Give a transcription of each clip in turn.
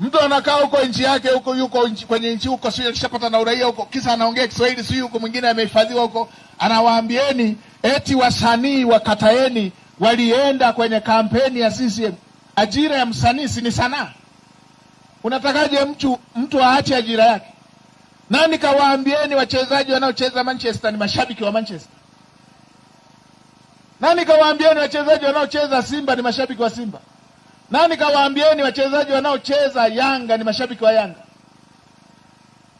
Mtu anakaa huko nchi yake huko, yuko nchi, kwenye nchi huko, sio alishapata na uraia huko, kisa anaongea Kiswahili, sio huko mwingine amehifadhiwa huko, anawaambieni eti wasanii wakataeni walienda kwenye kampeni ya CCM. Ajira ya msanii si ni sanaa? Unatakaje mtu mtu aache ajira yake? Nani kawaambieni wachezaji wanaocheza Manchester ni mashabiki wa Manchester? Nani kawaambieni wachezaji wanaocheza Simba ni mashabiki wa Simba? nani kawaambieni wachezaji wanaocheza Yanga ni mashabiki wa Yanga.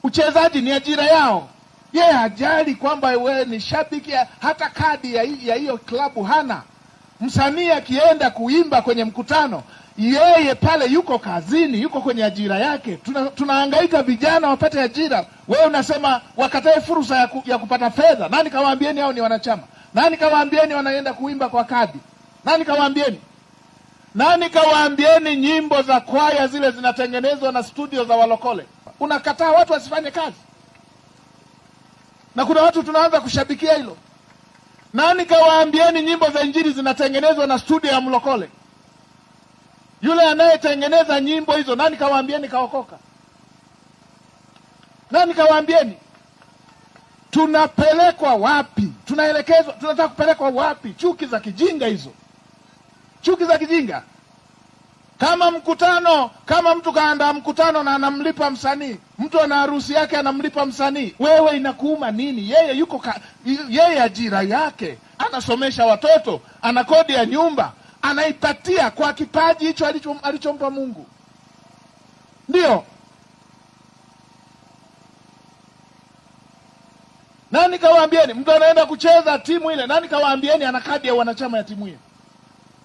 Uchezaji ni ajira yao. Ye yeah, hajali kwamba we ni shabiki, hata kadi ya hiyo klabu hana. Msanii akienda kuimba kwenye mkutano, yeye pale yuko kazini, yuko kwenye ajira yake. Tuna, tunahangaika vijana wapate ajira, wewe unasema wakatae fursa ya, ku, ya kupata fedha. Nani kawaambieni hao ni wanachama? Nani kawaambieni wanaenda kuimba kwa kadi? Nani kawaambieni? nani kawaambieni nyimbo za kwaya zile zinatengenezwa na studio za walokole. Unakataa watu wasifanye kazi, na kuna watu tunaanza kushabikia hilo. nani kawaambieni nyimbo za Injili zinatengenezwa na studio ya mlokole, yule anayetengeneza nyimbo hizo. nani kawaambieni kaokoka. nani kawaambieni tunapelekwa wapi, tunaelekezwa, tunataka kupelekwa wapi? Chuki za kijinga hizo chuki za kijinga. Kama mkutano, kama mtu kaandaa mkutano na anamlipa msanii, mtu ana harusi yake anamlipa msanii, wewe inakuuma nini? Yeye yuko ka, yeye ajira yake anasomesha watoto, ana kodi ya nyumba anaipatia kwa kipaji hicho alichompa alicho Mungu. ndio nani kawaambieni? Mtu anaenda kucheza timu ile, nani kawaambieni ana kadi ya wanachama ya timu hiyo?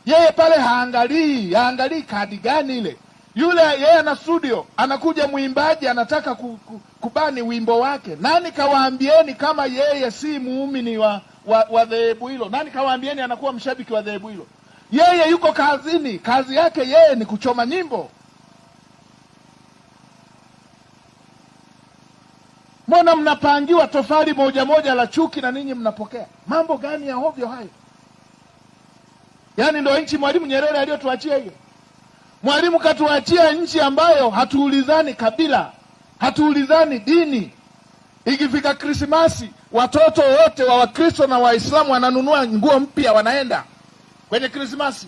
Yeye pale haangalii haangalii kadi gani ile yule, yeye ana studio, anakuja mwimbaji anataka ku, ku, kubani wimbo wake. Nani kawaambieni kama yeye si muumini wa wa, wa dhehebu hilo? Nani kawaambieni anakuwa mshabiki wa dhehebu hilo? Yeye yuko kazini, kazi yake yeye ni kuchoma nyimbo. Mbona mnapangiwa tofali moja moja la chuki na ninyi mnapokea? Mambo gani ya hovyo hayo? Yaani ndo nchi Mwalimu Nyerere aliyotuachia hiyo. Mwalimu katuachia nchi ambayo hatuulizani kabila, hatuulizani dini. Ikifika Krismasi, watoto wote wa Wakristo na Waislamu wananunua nguo mpya, wanaenda kwenye Krismasi.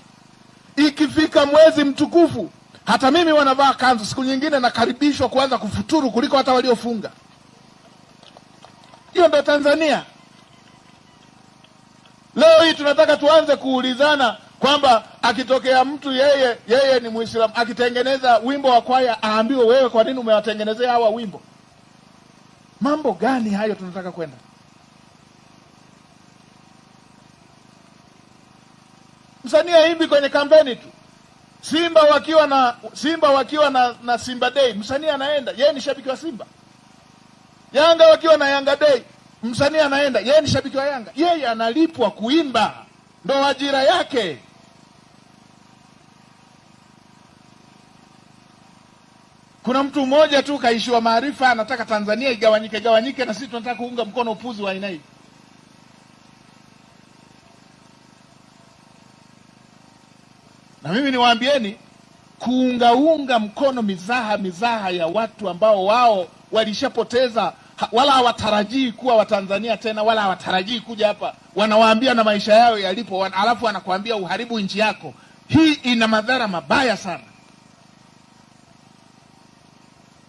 Ikifika mwezi mtukufu, hata mimi wanavaa kanzu, siku nyingine nakaribishwa kuanza kufuturu kuliko hata waliofunga. Hiyo ndo Tanzania hii tunataka tuanze kuulizana kwamba akitokea mtu yeye yeye ni Muislamu akitengeneza wimbo wa kwaya aambiwe, wewe kwa nini umewatengenezea hawa wimbo? Mambo gani hayo tunataka kwenda? Msanii aimbi kwenye kampeni tu, Simba wakiwa na Simba wakiwa na, na Simba Day, msanii anaenda yeye ni shabiki wa Simba. Yanga wakiwa na Yanga Day, Msanii anaenda, yeye ni shabiki wa Yanga, yeye analipwa kuimba, ndo ajira yake. Kuna mtu mmoja tu kaishiwa maarifa, anataka Tanzania igawanyike gawanyike, na sisi tunataka kuunga mkono upuzi wa aina hii. Na mimi niwaambieni, kuungaunga mkono mizaha mizaha ya watu ambao wao walishapoteza wala hawatarajii kuwa Watanzania tena, wala hawatarajii kuja hapa, wanawaambia na maisha yao yalipo, alafu wanakuambia uharibu nchi yako. Hii ina madhara mabaya sana.